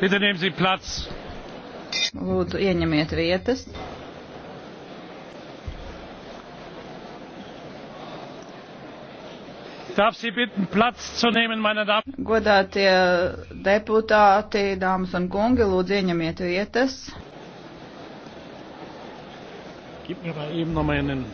Bitte nehmen Sie Platz. Lūdzu, ieņemiet vietas. Darf Sie bitten, Platz zu nehmen, meine Damen. Godātie deputāti, dāmas un kungi, lūdzu, ieņemiet vietas. Gib mir mal eben noch mal einen